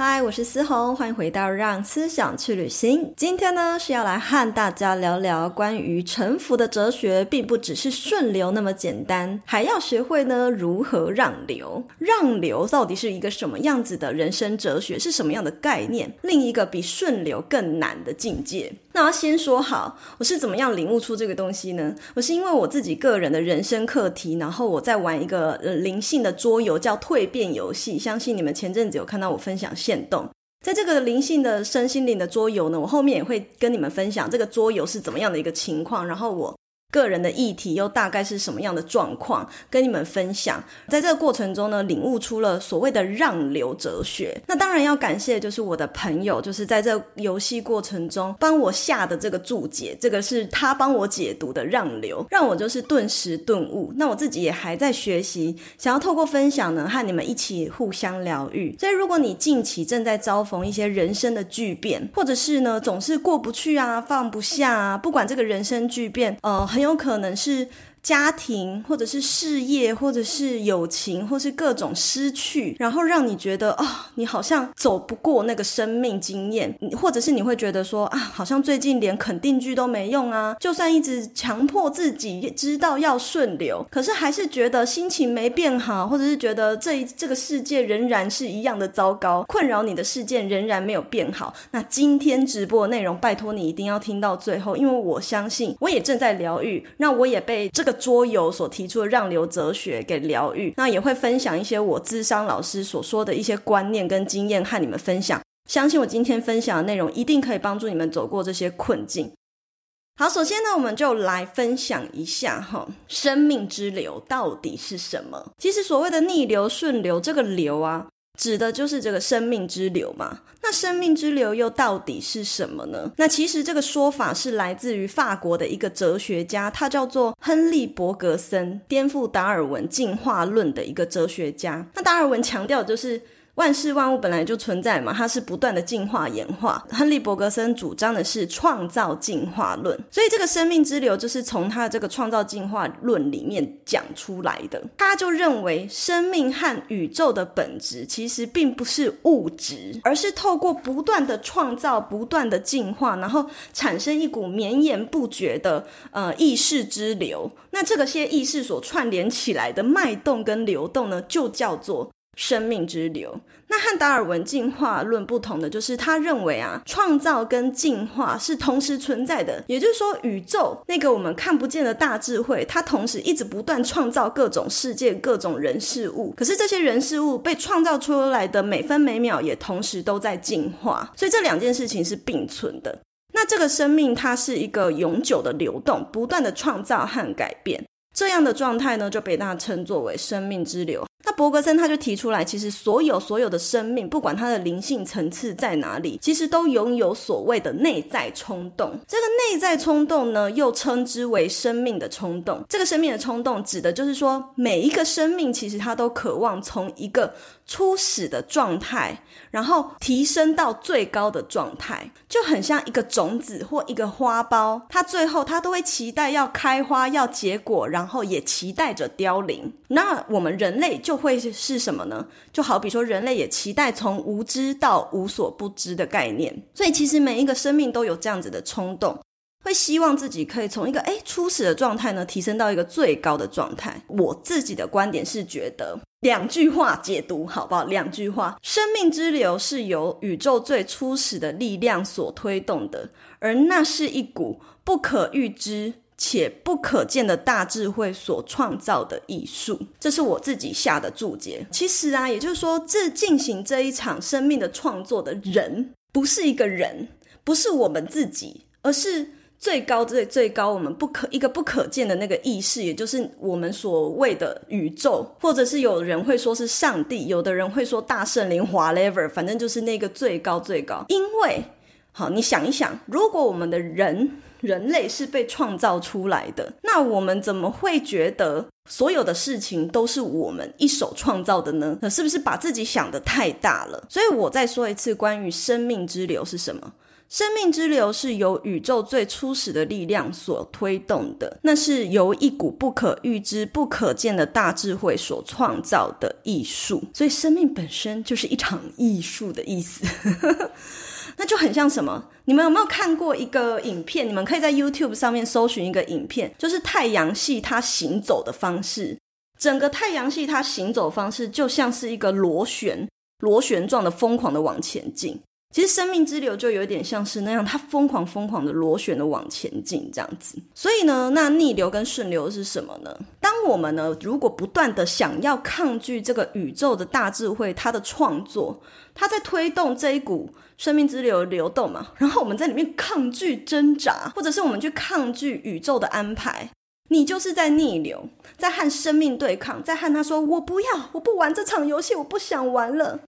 嗨，Hi, 我是思宏，歡迎回到《讓思想去旅行》。今天呢，是要來和大家聊聊關於臣服的哲學，並不只是順流那麼簡單，還要學會呢如何讓流。讓流到底是一個什麼樣子的人生哲學？是什麼樣的概念？另一個比順流更難的境界。那要先說好，我是怎麼樣領悟出這個東西呢？我是因為我自己個人的人生課題，然後我在玩一個，呃，靈性的桌遊，叫蛻變遊戲。相信你們前陣子有看到我分享限動，在這個靈性的身心靈的桌遊呢，我後面也會跟你們分享這個桌遊是怎麼樣的一個情況。然後我。個人的議題又大概是什麼樣的狀況？跟你們分享，在這個過程中呢，領悟出了所謂的讓流哲學。那當然要感謝，就是我的朋友，就是在這遊戲過程中幫我下的這個注解，這個是他幫我解讀的讓流，讓我就是頓時頓悟。那我自己也還在學習，想要透過分享呢，和你們一起互相療癒。所以，如果你近期正在遭逢一些人生的巨變，或者是呢，總是過不去啊、放不下啊，不管這個人生巨變，呃。很有可能是，家庭，或者是事業，或者是友情，或是各種失去，然後讓你覺得啊、哦，你好像走不過那個生命經驗，或者是你會覺得說啊，好像最近連肯定句都沒用啊，就算一直強迫自己也知道要順流，可是還是覺得心情沒變好，或者是覺得這這個世界仍然是一樣的糟糕，困擾你的事件仍然沒有變好。那今天直播的內容，拜託你一定要聽到最後，因為我相信，我也正在療癒，那我也被這個。桌遊所提出的讓流哲學，給療癒，那也會分享一些我諮商老師所說的一些觀念跟經驗和你們分享。相信我今天分享的內容一定可以幫助你們走過這些困境。好，首先呢，我們就來分享一下哈，生命之流到底是什麼？其實所謂的逆流、順流，這個流啊。指的就是這個生命之流嘛。那生命之流又到底是什麼呢？那其實這個說法是來自於法國的一個哲學家，他叫做亨利·伯格森，顛覆達爾文進化論的一個哲學家。那達爾文強調就是。萬事萬物本來就存在嘛，它是不斷的進化演化。亨利·伯格森主張的是創造進化論，所以這個生命之流就是從他的這個創造進化論裡面講出來的。他就認為，生命和宇宙的本質其實並不是物質，而是透過不斷的創造、不斷的進化，然後產生一股綿延不絕的，呃，意識之流。那這個些意識所串聯起來的脈動跟流動呢，就叫做。生命之流，那和達爾文進化論不同的就是，他認為啊，創造跟進化是同時存在的。也就是說，宇宙那個我們看不見的大智慧，它同時一直不斷創造各種世界、各種人事物。可是，這些人事物被創造出來的每分每秒，也同時都在進化。所以，這兩件事情是並存的。那這個生命，它是一個永久的流動，不斷的創造和改變。這樣的狀態呢，就被大家稱作為生命之流。那柏格森他就提出來，其實所有所有的生命，不管它的靈性層次在哪裡，其實都擁有所謂的內在衝動。這個內在衝動呢，又稱之為生命的衝動。這個生命的衝動，指的就是說，每一個生命其實它都渴望從一個。初始的狀態，然後提升到最高的狀態，就很像一個種子或一個花苞，它最後它都會期待要開花、要結果，然後也期待着凋零。那我們人類就會是什麼呢？就好比說，人類也期待從無知到無所不知的概念。所以，其實每一個生命都有這樣子的衝動。會希望自己可以從一個誒初始的狀態呢，提升到一個最高的狀態。我自己的觀點是覺得兩句話解讀，好不好？兩句話：生命之流是由宇宙最初始的力量所推動的，而那是一股不可預知且不可見的大智慧所創造的藝術。這是我自己下的注解。其實啊，也就是說，這進行這一場生命的創作的人，不是一個人，不是我們自己，而是。最高最，最高，我們不可一個不可見的那個意識，也就是我們所謂的宇宙，或者是有人會說是上帝，有的人會說大聖靈，whatever，反正就是那個最高最高。因為，好，你想一想，如果我們的人人類是被創造出來的，那我們怎麼會覺得所有的事情都是我們一手創造的呢？那是不是把自己想得太大了？所以，我再說一次，關於生命之流是什麼？生命之流是由宇宙最初始的力量所推動的，那是由一股不可預知、不可見的大智慧所創造的藝術。所以，生命本身就是一場藝術的意思。 那就很像什麼？你們有沒有看過一個影片？你們可以在 YouTube 上面搜尋一個影片，就是太陽系它行走的方式。整個太陽系它行走的方式就像是一個螺旋、螺旋狀的瘋狂的往前進。其實生命之流就有點像是那樣，它瘋狂瘋狂的螺旋的往前進這樣子。所以呢，那逆流跟順流是什麼呢？當我們呢，如果不斷的想要抗拒這個宇宙的大智慧，它的創作，它在推動這一股生命之流流動嘛，然後我們在裡面抗拒掙扎，或者是我們去抗拒宇宙的安排，你就是在逆流，在和生命對抗，在和他說：“我不要，我不玩這場遊戲，我不想玩了。”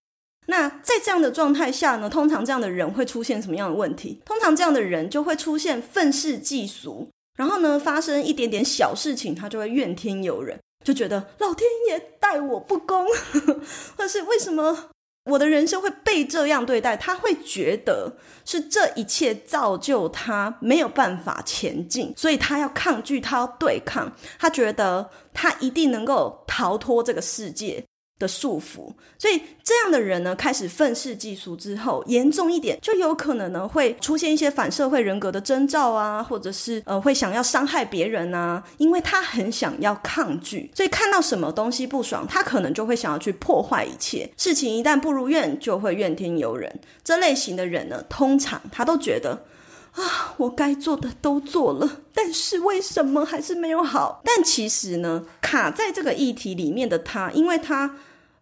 那在這樣的狀態下呢，通常這樣的人會出現什麼樣的問題？通常這樣的人就會出現憤世嫉俗，然後呢，發生一點點小事情，他就會怨天尤人，就覺得老天爺待我不公， 或者是為什麼我的人生會被這樣對待？他會覺得是這一切造就他沒有辦法前進，所以他要抗拒，他要對抗，他覺得他一定能夠逃脫這個世界的束縛，所以這樣的人呢，開始憤世嫉俗之後，嚴重一點，就有可能呢會出現一些反社會人格的徵兆啊，或者是呃會想要傷害別人吶、啊。因為他很想要抗拒，所以看到什麼東西不爽，他可能就會想要去破壞一切。事情一旦不如願，就會怨天尤人。這類型的人呢，通常他都覺得啊，我該做的都做了，但是為什麼還是沒有好？但其實呢，卡在這個議題裡面的他，因為他。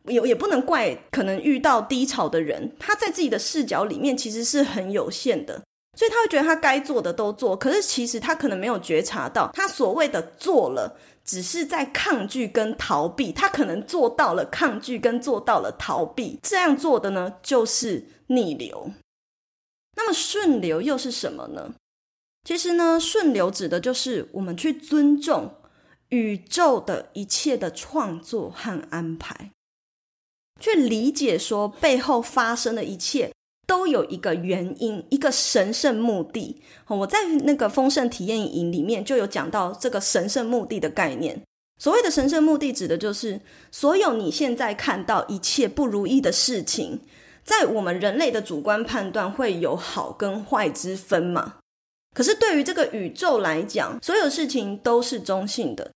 也也不能怪，可能遇到低潮的人，他在自己的視角裡面其實是很有限的，所以他會覺得他該做的都做，可是其實他可能沒有覺察到，他所謂的做了，只是在抗拒跟逃避。他可能做到了抗拒，跟做到了逃避，這樣做的呢就是逆流。那麼順流又是什麼呢？其實呢，順流指的就是我們去尊重宇宙的一切的創作和安排。去理解說背後發生的一切都有一個原因，一個神聖目的。我在那個豐盛體驗營裡面就有講到這個神聖目的的概念。所謂的神聖目的，指的就是所有你現在看到一切不如意的事情，在我們人類的主觀判斷會有好跟壞之分嘛？可是對於這個宇宙來講，所有事情都是中性的。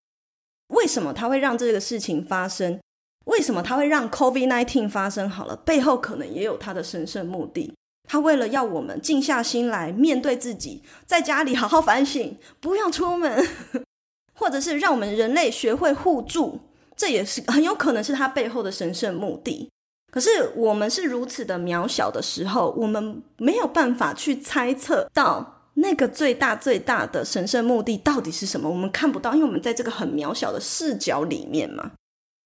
為什麼它會讓這個事情發生？為什麼他會讓 COVID-19 發生？好了，背後可能也有他的神聖目的。他為了要我們靜下心來面對自己，在家裡好好反省，不要出門， 或者是讓我們人類學會互助，這也是很有可能是他背後的神聖目的。可是我們是如此的渺小的時候，我們沒有辦法去猜測到那個最大最大的神聖目的到底是什麼。我們看不到，因為我們在這個很渺小的視角裡面嘛。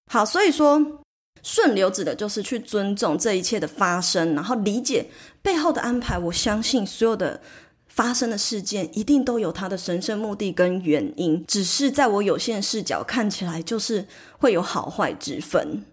好，所以說順流指的就是去尊重這一切的發生，然後理解背後的安排。我相信所有的發生的事件一定都有它的神聖目的跟原因，只是在我有限視角看起來，就是會有好壞之分。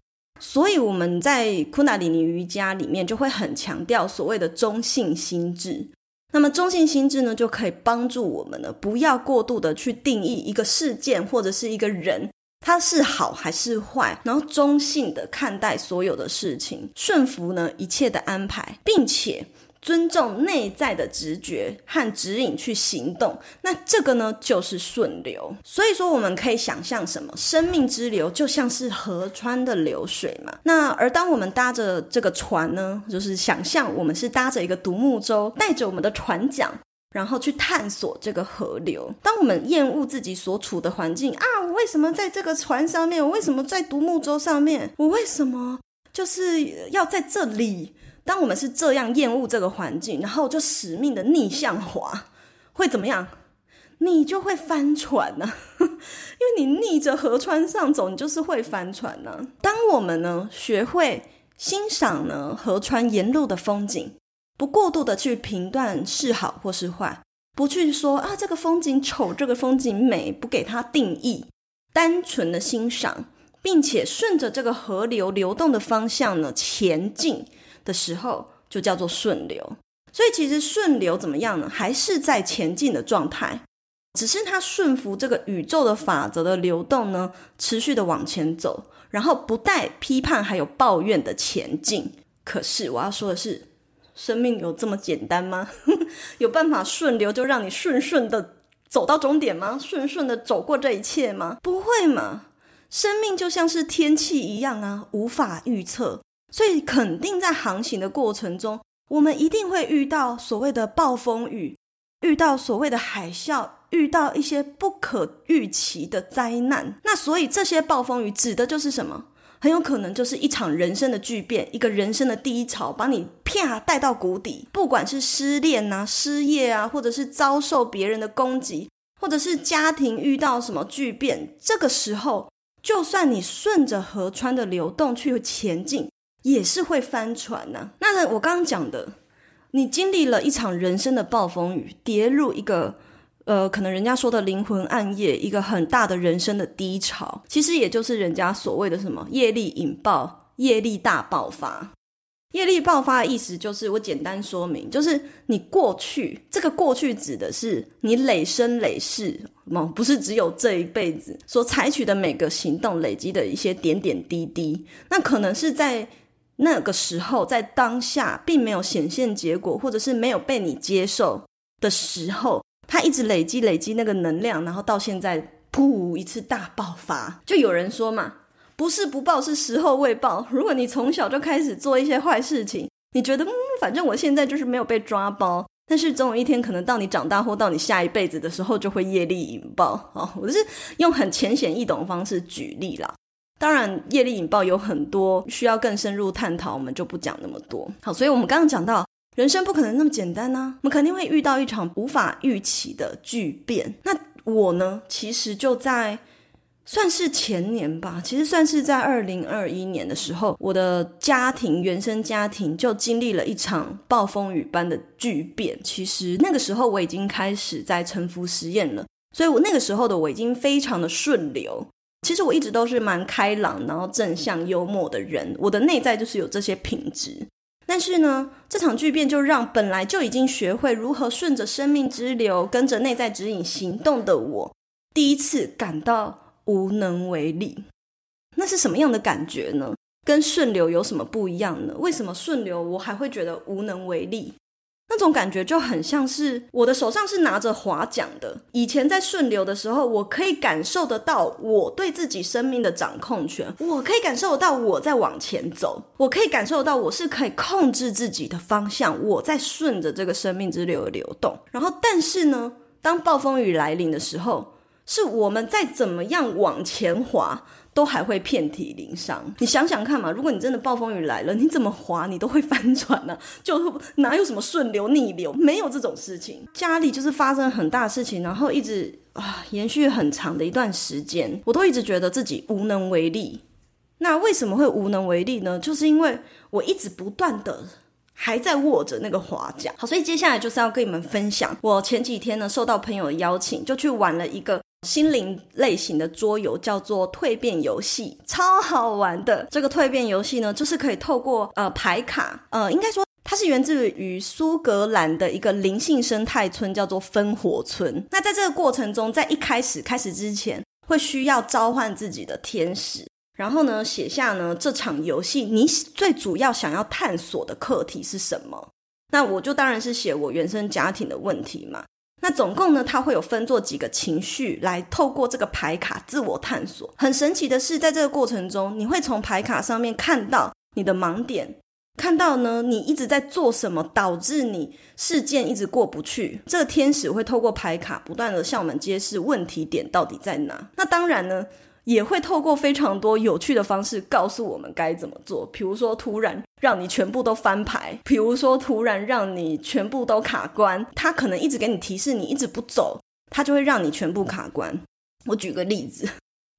所以我們在昆達里尼瑜伽裡面就會很強調所謂的中性心智。那麼中性心智呢，就可以幫助我們呢，不要過度的去定義一個事件或者是一個人。它是好還是壞？然後中性的看待所有的事情，順服呢，一切的安排，並且尊重內在的直覺和指引去行動。那這個呢就是順流。所以說，我們可以想象什麼？生命之流就像是河川的流水嘛。那而當我們搭着這個船呢，就是想象我們是搭着一個獨木舟，帶着我們的船槳。然後去探索這個河流。當我們厭惡自己所處的環境啊，我為什麼在這個船上面？我為什麼在獨木舟上面？我為什麼就是要在這裡？當我們是這樣厭惡這個環境，然後就死命的逆向劃，會怎麼樣？你就會翻船呢、啊， 因為你逆着河川上走，你就是會翻船呢、啊。當我們呢學會欣賞呢河川沿路的風景。不過度的去評斷是好或是壞，不去說啊，這個風景醜，這個風景美，不給它定義，單純的欣賞，並且順着這個河流流動的方向呢前進的時候，就叫做順流。所以其實順流怎麼樣呢？還是在前進的狀態，只是它順服這個宇宙的法則的流動呢，持續的往前走，然後不帶批判還有抱怨的前進。可是我要說的是，生命有這麼簡單嗎？ 有辦法順流就讓你順順的走到終點嗎？順順的走過這一切嗎？不會嘛！生命就像是天氣一樣啊，無法預測，所以肯定在航行的過程中，我們一定會遇到所謂的暴風雨，遇到所謂的海嘯，遇到一些不可預期的災難。那所以這些暴風雨指的就是什麼？很有可能就是一場人生的巨變，一個人生的低潮，把你啪帶到谷底。不管是失戀吶、啊、失業啊，或者是遭受別人的攻擊，或者是家庭遇到什麼巨變，這個時候，就算你順着河川的流動去前進，也是會翻船吶、啊。那我剛剛講的，你經歷了一場人生的暴風雨，跌入一個。呃，可能人家說的靈魂暗夜，一個很大的人生的低潮，其實也就是人家所謂的什麼業力引爆、業力大爆發。業力爆發的意思就是，我簡單說明，就是你過去這個過去指的是你累生累世，不是只有這一輩子所採取的每個行動累積的一些點點滴滴。那可能是在那個時候，在當下並沒有顯現結果，或者是沒有被你接受的時候。他一直累積累積那個能量，然後到現在，噗一次大爆發。就有人說嘛，不是不報，是時候未報。如果你從小就開始做一些壞事情，你覺得嗯，反正我現在就是沒有被抓包，但是總有一天，可能到你長大或到你下一輩子的時候，就會業力引爆。哦，我就是用很淺顯易懂的方式舉例啦。當然，業力引爆有很多需要更深入探討，我們就不講那麼多。好，所以我們剛剛講到。人生不可能那麼簡單呢、啊，我們肯定會遇到一場無法預期的巨變。那我呢？其實就在算是前年吧，其實算是在二零二一年的時候，我的家庭原生家庭就經歷了一場暴風雨般的巨變。其實那個時候我已經開始在臣服實驗了，所以我那個時候的我已經非常的順流。其實我一直都是蠻開朗，然後正向、幽默的人，我的內在就是有這些品質。但是呢，這場巨變就讓本來就已經學會如何順着生命之流，跟着內在指引行動的我，第一次感到無能為力。那是什麼樣的感覺呢？跟順流有什麼不一樣呢？為什麼順流我還會覺得無能為力？那種感覺就很像是我的手上是拿着划槳的。以前在順流的時候，我可以感受得到我對自己生命的掌控權，我可以感受得到我在往前走，我可以感受得到我是可以控制自己的方向，我在順着這個生命之流的流動。然後，但是呢，當暴風雨來臨的時候，是我們在怎麼樣往前划。都還會遍體鱗傷，你想想看嘛，如果你真的暴風雨來了，你怎麼划你都會翻船呢。啊，就哪有什麼順流逆流，沒有這種事情。家裡就是發生很大事情，然後一直啊、呃、延續很長的一段時間，我都一直覺得自己無能為力。那為什麼會無能為力呢？就是因為我一直不斷的還在握着那個划槳。好，所以接下來就是要跟你們分享，我前幾天呢受到朋友的邀請，就去玩了一個。心靈類型的桌遊叫做《蛻變遊戲》，超好玩的。這個蛻變遊戲呢，就是可以透過呃牌卡，呃，應該說它是源自於蘇格蘭的一個靈性生態村，叫做芬活村。那在這個過程中，在一開始開始之前，會需要召喚自己的天使，然後呢寫下呢這場遊戲你最主要想要探索的課題是什麼？那我就當然是寫我原生家庭的問題嘛。那總共呢，它會有分做幾個情緒，來透過這個牌卡自我探索。很神奇的是，在這個過程中，你會從牌卡上面看到你的盲點，看到呢你一直在做什麼導致你事件一直過不去。這個天使會透過牌卡不斷地向我們揭示問題點到底在哪。那當然呢，也會透過非常多有趣的方式告訴我們該怎麼做，比如說突然。讓你全部都翻牌，比如說突然讓你全部都卡關，他可能一直給你提示，你一直不走，他就會讓你全部卡關。我舉個例子，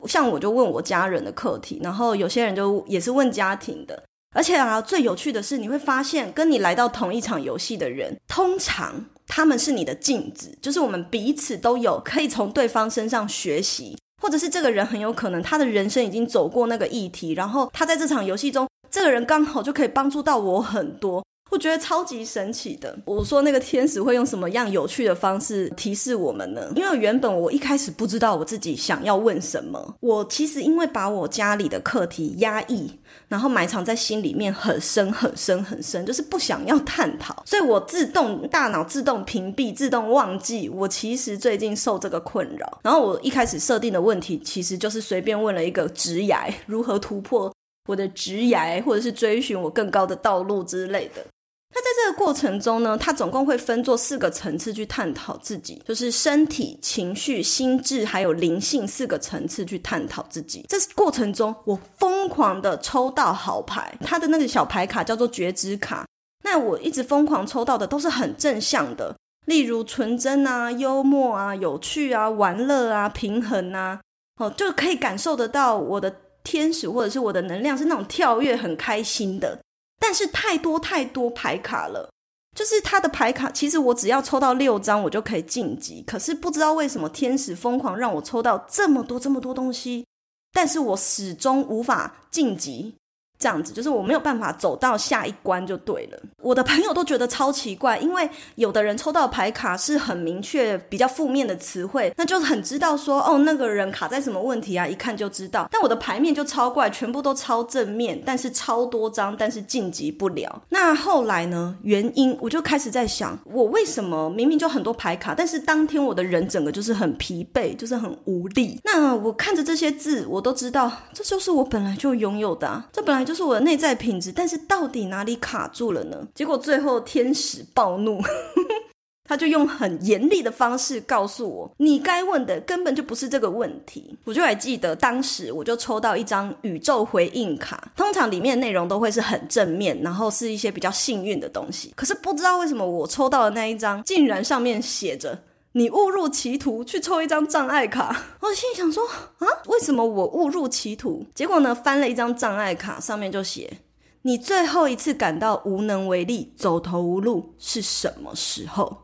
像我就問我家人的課題，然後有些人就也是問家庭的，而且啊，最有趣的是，你會發現跟你來到同一場遊戲的人，通常他們是你的鏡子，就是我們彼此都有可以從對方身上學習，或者是這個人很有可能他的人生已經走過那個議題，然後他在這場遊戲中。這個人剛好就可以幫助到我很多，我覺得超級神奇的。我說那個天使會用什麼樣有趣的方式提示我們呢？因為原本我一開始不知道我自己想要問什麼，我其實因為把我家裡的課題壓抑，然後埋藏在心裡面很深很深很深，就是不想要探討，所以我自動大腦自動屏蔽、自動忘記，我其實最近受這個困擾。然後我一開始設定的問題其實就是隨便問了一個職涯如何突破。我的職涯，或者是追尋我更高的道路之類的。那在這個過程中呢，它總共會分做四個層次去探討自己，就是身體、情緒、心智，還有靈性四個層次去探討自己。這過程中，我瘋狂的抽到好牌，它的那個小牌卡叫做覺知卡。那我一直瘋狂抽到的都是很正向的，例如純真啊、幽默啊、有趣啊、玩樂啊、平衡啊，哦，就可以感受得到我的。天使或者是我的能量是那種跳躍很開心的，但是太多太多牌卡了，就是他的牌卡，其實我只要抽到六張我就可以晉級，可是不知道為什麼天使瘋狂讓我抽到這麼多這麼多東西，但是我始終無法晉級。這樣子就是我沒有辦法走到下一關就對了。我的朋友都覺得超奇怪，因為有的人抽到牌卡是很明確、比較負面的詞彙，那就很知道說哦那個人卡在什麼問題啊，一看就知道。但我的牌面就超怪，全部都超正面，但是超多張，但是晉級不了。那後來呢？原因我就開始在想，我為什麼明明就很多牌卡，但是當天我的人整個就是很疲憊，就是很無力。那我看着這些字，我都知道，這就是我本來就擁有的啊，這本來。就是我的內在品質，但是到底哪裡卡住了呢？結果最後天使暴怒， 他就用很嚴厲的方式告訴我：“你該問的根本就不是這個問題。”我就還記得當時，我就抽到一張宇宙回應卡，通常裡面的內容都會是很正面，然後是一些比較幸運的東西。可是不知道為什麼，我抽到的那一張竟然上面寫着。你誤入歧途，去抽一張障礙卡。我心想說啊，為什麼我誤入歧途？結果呢，翻了一張障礙卡，上面就寫：你最後一次感到無能為力、走投無路是什麼時候？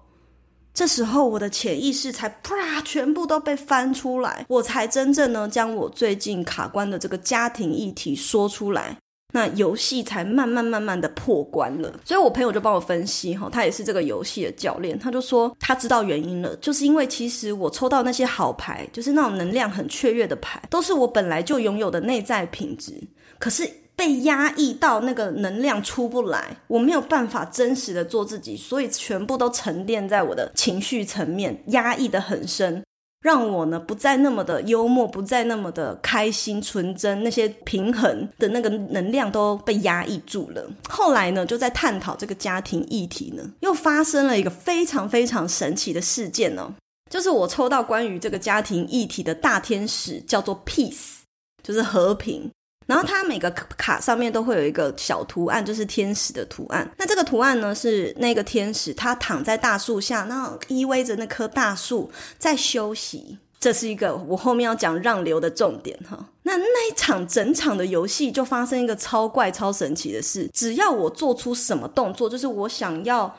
這時候，我的潛意識才啪啦，全部都被翻出來，我才真正呢，將我最近卡關的這個家庭議題說出來。那遊戲才慢慢慢慢的破關了，所以我朋友就幫我分析齁，他也是這個遊戲的教練，他就說他知道原因了，就是因為其實我抽到那些好牌，就是那種能量很雀躍的牌，都是我本來就擁有的內在品質，可是被壓抑到那個能量出不來，我沒有辦法真實的做自己，所以全部都沉澱在我的情緒層面，壓抑得很深。讓我呢不再那麼的幽默，不再那麼的開心、純真，那些平衡的那個能量都被壓抑住了。後來呢，就在探討這個家庭議題呢，又發生了一個非常非常神奇的事件呢、哦，就是我抽到關於這個家庭議題的大天使，叫做 Peace，就是和平。然後它每個卡上面都會有一個小圖案，就是天使的圖案。那這個圖案呢，是那個天使，他躺在大樹下，然後依偎着那棵大樹在休息。這是一個我後面要講讓流的重點哈。那那一場整場的遊戲就發生一個超怪、超神奇的事，只要我做出什麼動作，就是我想要。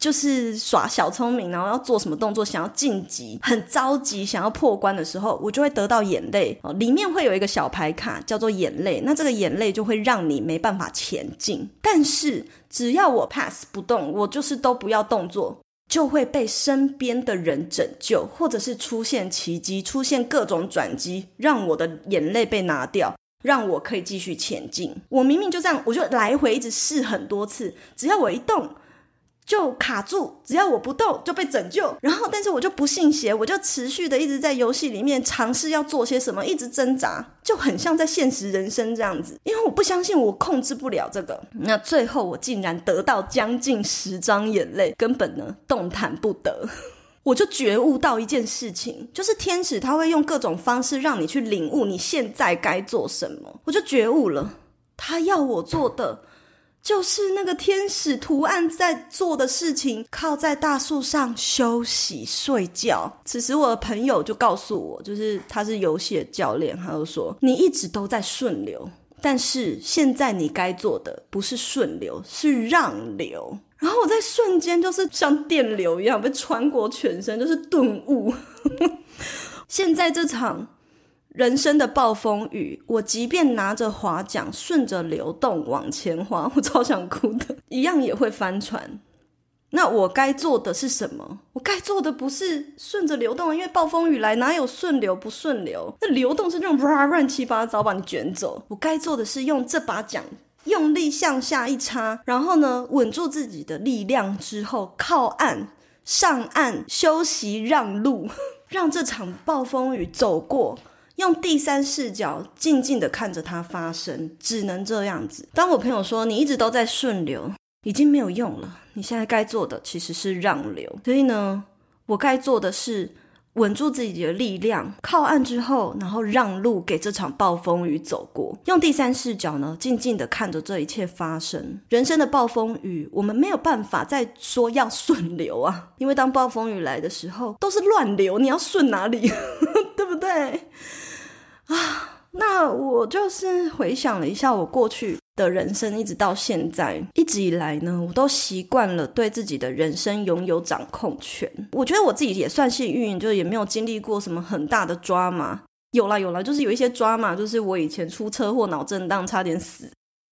就是耍小聰明，然後要做什麼動作，想要晉級，很着急，想要破關的時候，我就會得到眼淚哦。裡面會有一個小牌卡，叫做眼淚。那這個眼淚就會讓你沒辦法前進。但是只要我 pass 不動，我就是都不要動作，就會被身邊的人拯救，或者是出現奇蹟，出現各種轉機，讓我的眼淚被拿掉，讓我可以繼續前進。我明明就這樣，我就來回一直試很多次，只要我一動。就卡住，只要我不動就被拯救。然後，但是我就不信邪，我就持續的一直在遊戲裡面嘗試要做些什麼，一直掙扎，就很像在現實人生這樣子。因為我不相信我控制不了這個。那最後，我竟然得到將近十張眼淚，根本呢動彈不得。 我就覺悟到一件事情，就是天使他會用各種方式讓你去領悟你現在該做什麼。我就覺悟了，他要我做的。就是那個天使圖案在做的事情，靠在大樹上休息睡覺。此時我的朋友就告訴我，就是他是遊戲的教練，他就說，你一直都在順流，但是現在你該做的不是順流，是讓流。然後我在瞬間就是像電流一樣被穿過全身，就是頓悟。 現在這場。人生的暴風雨，我即便拿着划槳順着流動往前划，我超想哭的，一樣也會翻船。那我該做的是什麼？我該做的不是順着流動，因為暴風雨來哪有順流不順流？那流動是那種亂七八糟把你捲走。我該做的是用這把槳用力向下一插，然後呢，穩住自己的力量之後，靠岸上岸休息，讓路，讓這場暴風雨走過。用第三視角靜靜地看着它發生，只能這樣子。當我朋友說，你一直都在順流，已經沒有用了，你現在該做的其實是讓流。所以呢，我該做的是穩住自己的力量，靠岸之後，然後讓路給這場暴風雨走過。用第三視角呢，靜靜地看着這一切發生。人生的暴風雨，我們沒有辦法再說要順流啊，因為當暴風雨來的時候，都是亂流，你要順哪裡？ 對不對？啊，那我就是回想了一下我過去的人生，一直到現在，一直以來呢，我都習慣了對自己的人生擁有掌控權。我覺得我自己也算是幸運，就是也沒有經歷過什麼很大的抓馬。有啦有啦，就是有一些抓馬，就是我以前出車禍腦震盪差點死，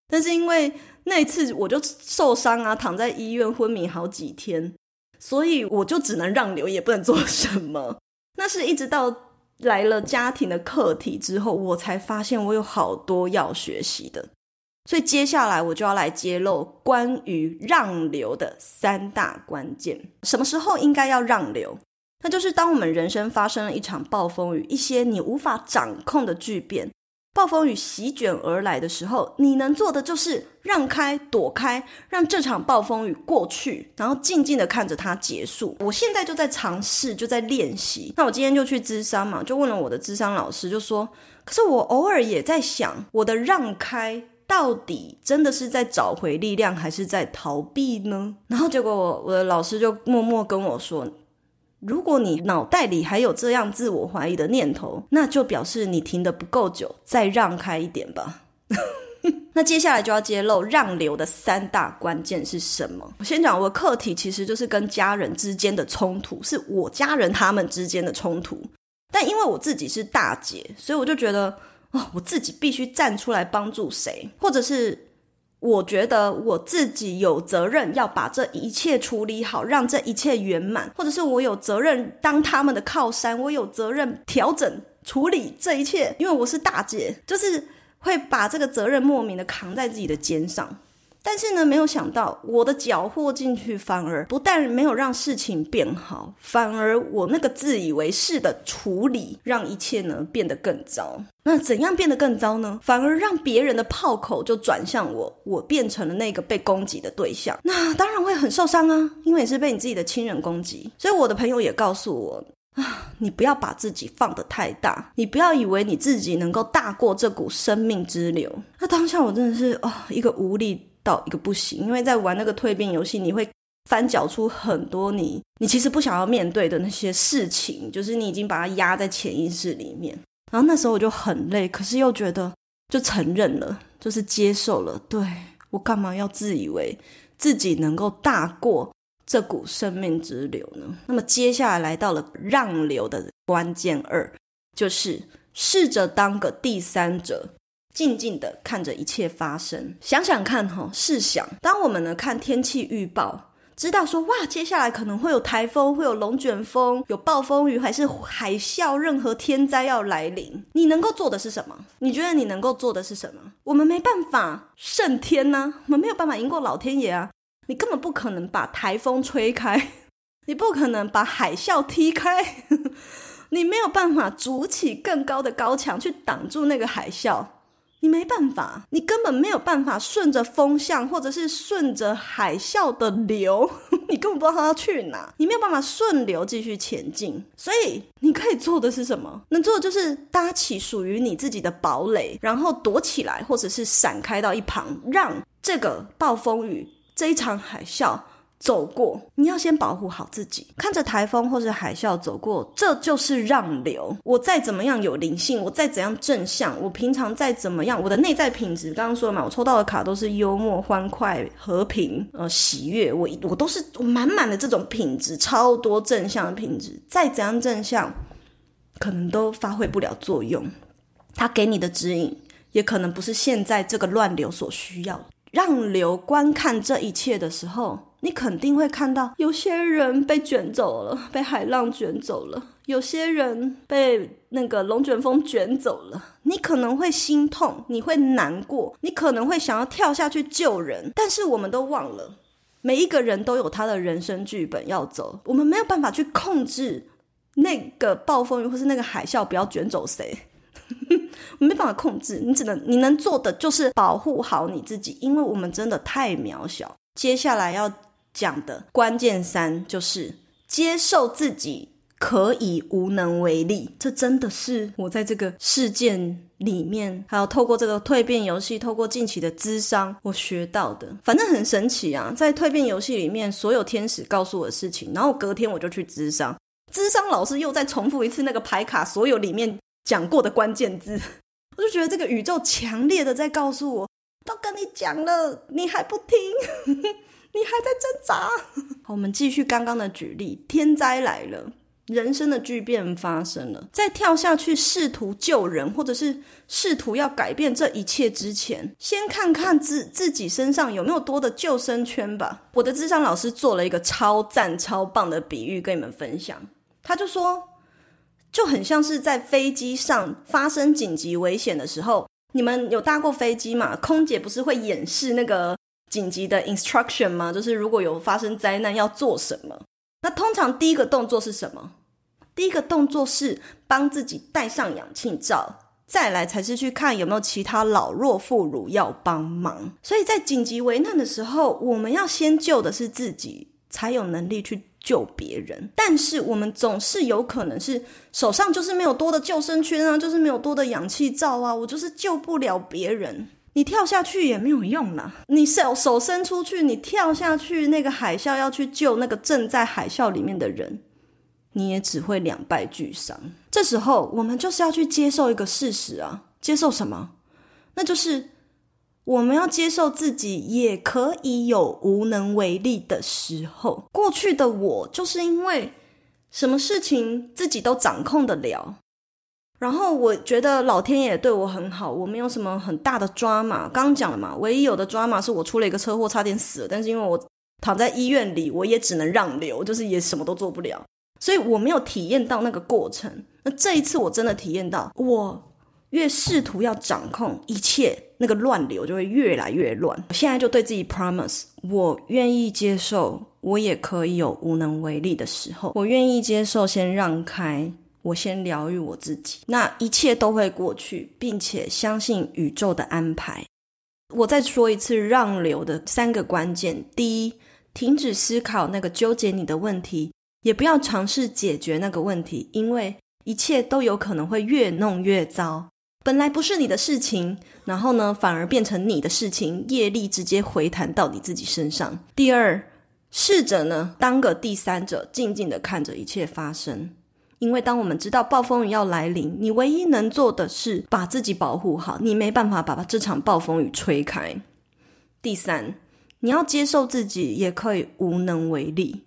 但是因為那一次我就受傷啊，躺在醫院昏迷好幾天，所以我就只能讓流，也不能做什麼。那是一直到。來了家庭的課題之後，我才發現我有好多要學習的，所以接下來我就要來揭露關於讓流的三大關鍵。什麼時候應該要讓流？那就是當我們人生發生了一場暴風雨，一些你無法掌控的巨變。暴風雨席捲而來的時候，你能做的就是讓開、躲開，讓這場暴風雨過去，然後靜靜的看着它結束。我現在就在嘗試，就在練習。那我今天就去諮商嘛，就問了我的諮商老師，就說，可是我偶爾也在想，我的讓開到底真的是在找回力量，還是在逃避呢？然後結果我我的老師就默默跟我說。如果你腦袋裡還有這樣自我懷疑的念頭，那就表示你停得不夠久，再讓開一點吧。 那接下來就要揭露讓流的三大關鍵是什麼。我先講我的課題，其實就是跟家人之間的衝突，是我家人他們之間的衝突。但因為我自己是大姐，所以我就覺得哦，我自己必須站出來幫助誰，或者是。我覺得我自己有責任要把這一切處理好，讓這一切圓滿，或者是我有責任當他們的靠山，我有責任調整處理這一切，因為我是大姐，就是會把這個責任莫名的扛在自己的肩上。但是呢，沒有想到我的攪和進去，反而不但沒有讓事情變好，反而我那個自以為是的處理，讓一切呢變得更糟。那怎樣變得更糟呢？反而讓別人的炮口就轉向我，我變成了那個被攻擊的對象，那當然會很受傷啊，因為是被你自己的親人攻擊。所以我的朋友也告訴我啊，你不要把自己放得太大，你不要以為你自己能夠大過這股生命之流。那當下我真的是啊，一個無力。到一個不行，因為在玩那個蛻變遊戲，你會翻攪出很多你你其實不想要面對的那些事情，就是你已經把它壓在潛意識裡面。然後那時候我就很累，可是又覺得就承認了，就是接受了。對，我幹嘛要自以為自己能夠大過這股生命之流呢？那麼接下來，來到了讓流的關鍵二，就是試着當個第三者。靜靜地看着一切發生，想想看哈、哦，試想，當我們呢看天氣預報，知道說哇，接下來可能會有台風，會有龍捲風，有暴風雨，還是海嘯，任何天災要來臨，你能夠做的是什麼？你覺得你能夠做的是什麼？我們沒辦法勝天呢、啊，我們沒有辦法贏過老天爺啊！你根本不可能把台風吹開，你不可能把海嘯踢開， 你沒有辦法築起更高的高牆去擋住那個海嘯。你沒辦法，你根本沒有辦法順着風向，或者是順着海嘯的流， 你根本不知道它要去哪，你沒有辦法順流繼續前進。所以你可以做的是什麼？能做的就是搭起屬於你自己的堡壘，然後躲起來，或者是閃開到一旁，讓這個暴風雨這一場海嘯。走過，你要先保護好自己。看着颱風或是海嘯走過，這就是讓流。我再怎麼樣有靈性，我再怎樣正向，我平常再怎麼樣，我的內在品質，剛剛說了嘛，我抽到的卡都是幽默、歡快、和平、呃喜悅。我我都是我滿滿的這種品質，超多正向的品質。再怎樣正向，可能都發揮不了作用。他給你的指引，也可能不是現在這個亂流所需要。讓流觀看這一切的時候。你肯定會看到有些人被卷走了，被海浪卷走了；有些人被那個龍捲風卷走了。你可能會心痛，你會難過，你可能會想要跳下去救人。但是我們都忘了，每一個人都有他的人生劇本要走，我們沒有辦法去控制那個暴風雨或是那個海嘯不要卷走誰， 我沒辦法控制。你只能你能做的就是保護好你自己，因為我們真的太渺小。接下來要。講的關鍵三就是接受自己可以無能為力，這真的是我在這個事件裡面，還有透過這個蛻變遊戲，透過近期的諮商，我學到的，反正很神奇啊！在蛻變遊戲裡面，所有天使告訴我的事情，然後隔天我就去諮商，諮商老師又再重複一次那個牌卡所有裡面講過的關鍵字，我就覺得這個宇宙強烈的在告訴我，都跟你講了，你還不聽？ 你還在掙扎？ 好，我們繼續剛剛的舉例。天災來了，人生的巨變發生了，在跳下去試圖救人，或者是試圖要改變這一切之前，先看看自自己身上有沒有多的救生圈吧。我的智商老師做了一個超讚、超棒的比喻跟你們分享，他就說，就很像是在飛機上發生緊急危險的時候，你們有搭過飛機嗎？空姐不是會演示那個？緊急的 instruction 嗎？就是如果有發生災難要做什麼？那通常第一個動作是什麼？第一個動作是幫自己戴上氧氣罩，再來才是去看有沒有其他老弱婦孺要幫忙。所以在緊急危難的時候，我們要先救的是自己，才有能力去救別人。但是我們總是有可能是手上就是沒有多的救生圈啊，就是沒有多的氧氣罩啊，我就是救不了別人。你跳下去也沒有用啦，你手手伸出去，你跳下去，那個海嘯要去救那個正在海嘯裡面的人，你也只會兩敗俱傷。這時候，我們就是要去接受一個事實啊，接受什麼？那就是我們要接受自己也可以有無能為力的時候。過去的我就是因為什麼事情自己都掌控得了。然後我覺得老天爺對我很好，我沒有什麼很大的 drama。剛講了嘛，唯一有的 drama 是我出了一個車禍，差點死了。但是因為我躺在醫院裡，我也只能讓流，就是也什麼都做不了，所以我沒有體驗到那個過程。那這一次我真的體驗到，我越試圖要掌控一切，那個亂流就會越來越亂。我現在就對自己 promise，我願意接受，我也可以有無能為力的時候，我願意接受先讓開。我先療癒我自己，那一切都會過去，並且相信宇宙的安排。我再說一次，讓流的三個關鍵：第一，停止思考那個糾結你的問題，也不要嘗試解決那個問題，因為一切都有可能會越弄越糟。本來不是你的事情，然後呢，反而變成你的事情，業力直接回彈到你自己身上。第二，試着呢，當個第三者，靜靜的看着一切發生。因為當我們知道暴風雨要來臨，你唯一能做的是把自己保護好，你沒辦法把這場暴風雨吹開。第三，你要接受自己也可以無能為力。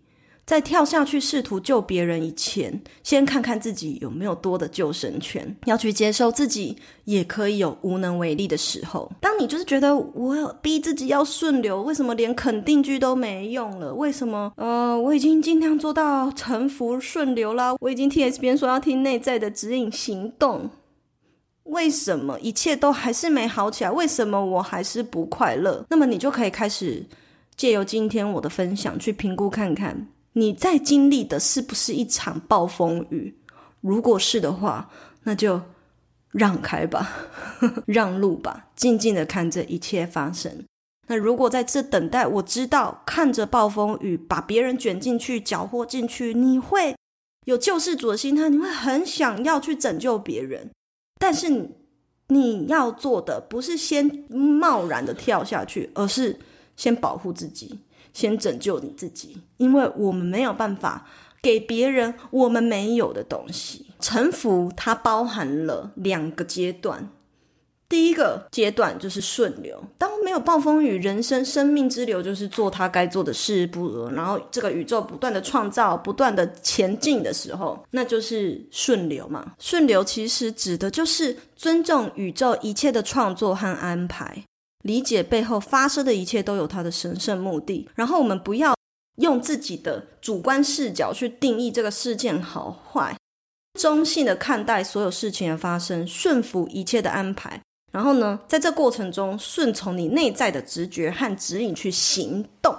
在跳下去試圖救別人以前，先看看自己有沒有多的救生圈。要去接受自己也可以有無能為力的時候。當你就是覺得我逼自己要順流，為什麼連肯定句都沒用了？為什麼？呃，我已經儘量做到臣服順流啦，我已經聽 S 編說要聽內在的指引行動，為什麼一切都還是沒好起來？為什麼我還是不快樂？那麼你就可以開始借由今天我的分享去評估看看。你在經歷的是不是一場暴風雨？如果是的話，那就讓開吧，呵呵，讓路吧，靜靜的看這一切發生。那如果在這等待，我知道看着暴風雨把別人卷進去、攪和進去，你會有救世主的心態，你會很想要去拯救別人。但是你，你要做的不是先貿然的跳下去，而是先保護自己。先拯救你自己，因為我們沒有辦法給別人我們沒有的東西。臣服它包含了兩個階段，第一個階段就是順流。當沒有暴風雨，人生生命之流就是做他該做的事，不如，然後這個宇宙不斷的創造，不斷的前進的時候，那就是順流嘛。順流其實指的就是尊重宇宙一切的創作和安排。理解背後發生的一切都有它的神聖目的，然後我們不要用自己的主觀視角去定義這個事件好壞，中性的看待所有事情的發生，順服一切的安排，然後呢，在這過程中順從你內在的直覺和指引去行動。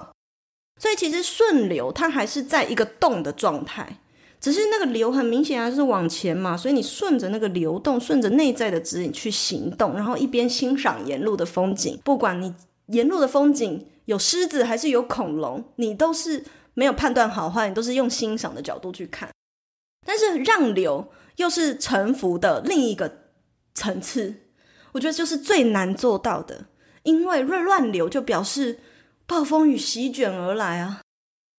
所以其實順流，它還是在一個動的狀態。只是那個流很明顯還、啊就是往前嘛，所以你順着那個流動，順着內在的指引去行動，然後一邊欣賞沿路的風景，不管你沿路的風景有獅子還是有恐龍，你都是沒有判斷好壞，你都是用欣賞的角度去看。但是讓流又是臣服的另一個層次，我覺得就是最難做到的，因為亂流就表示暴風雨席捲而來啊。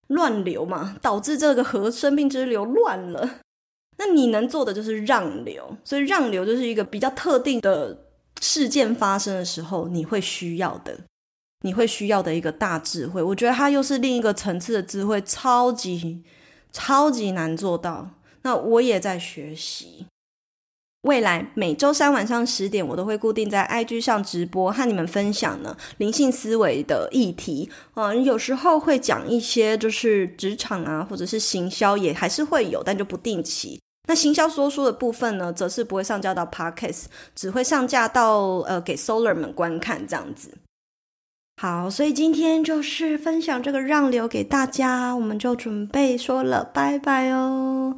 亂流嘛，導致這個和生命之流亂了。那你能做的就是讓流，所以讓流就是一個比較特定的事件發生的時候，你會需要的，你會需要的一個大智慧。我覺得它又是另一個層次的智慧，超級超級難做到。那我也在學習。未來每周三晚上十點，我都會固定在 IG 上直播，和你們分享呢靈性思維的議題。啊、嗯，有時候會講一些就是職場啊，或者是行銷也還是會有，但就不定期。那行銷說書的部分呢，則是不會上架到 Podcast，只會上架到呃給 Solar 們觀看這樣子。好，所以今天就是分享這個，讓流給大家，我們就準備說了，拜拜哦。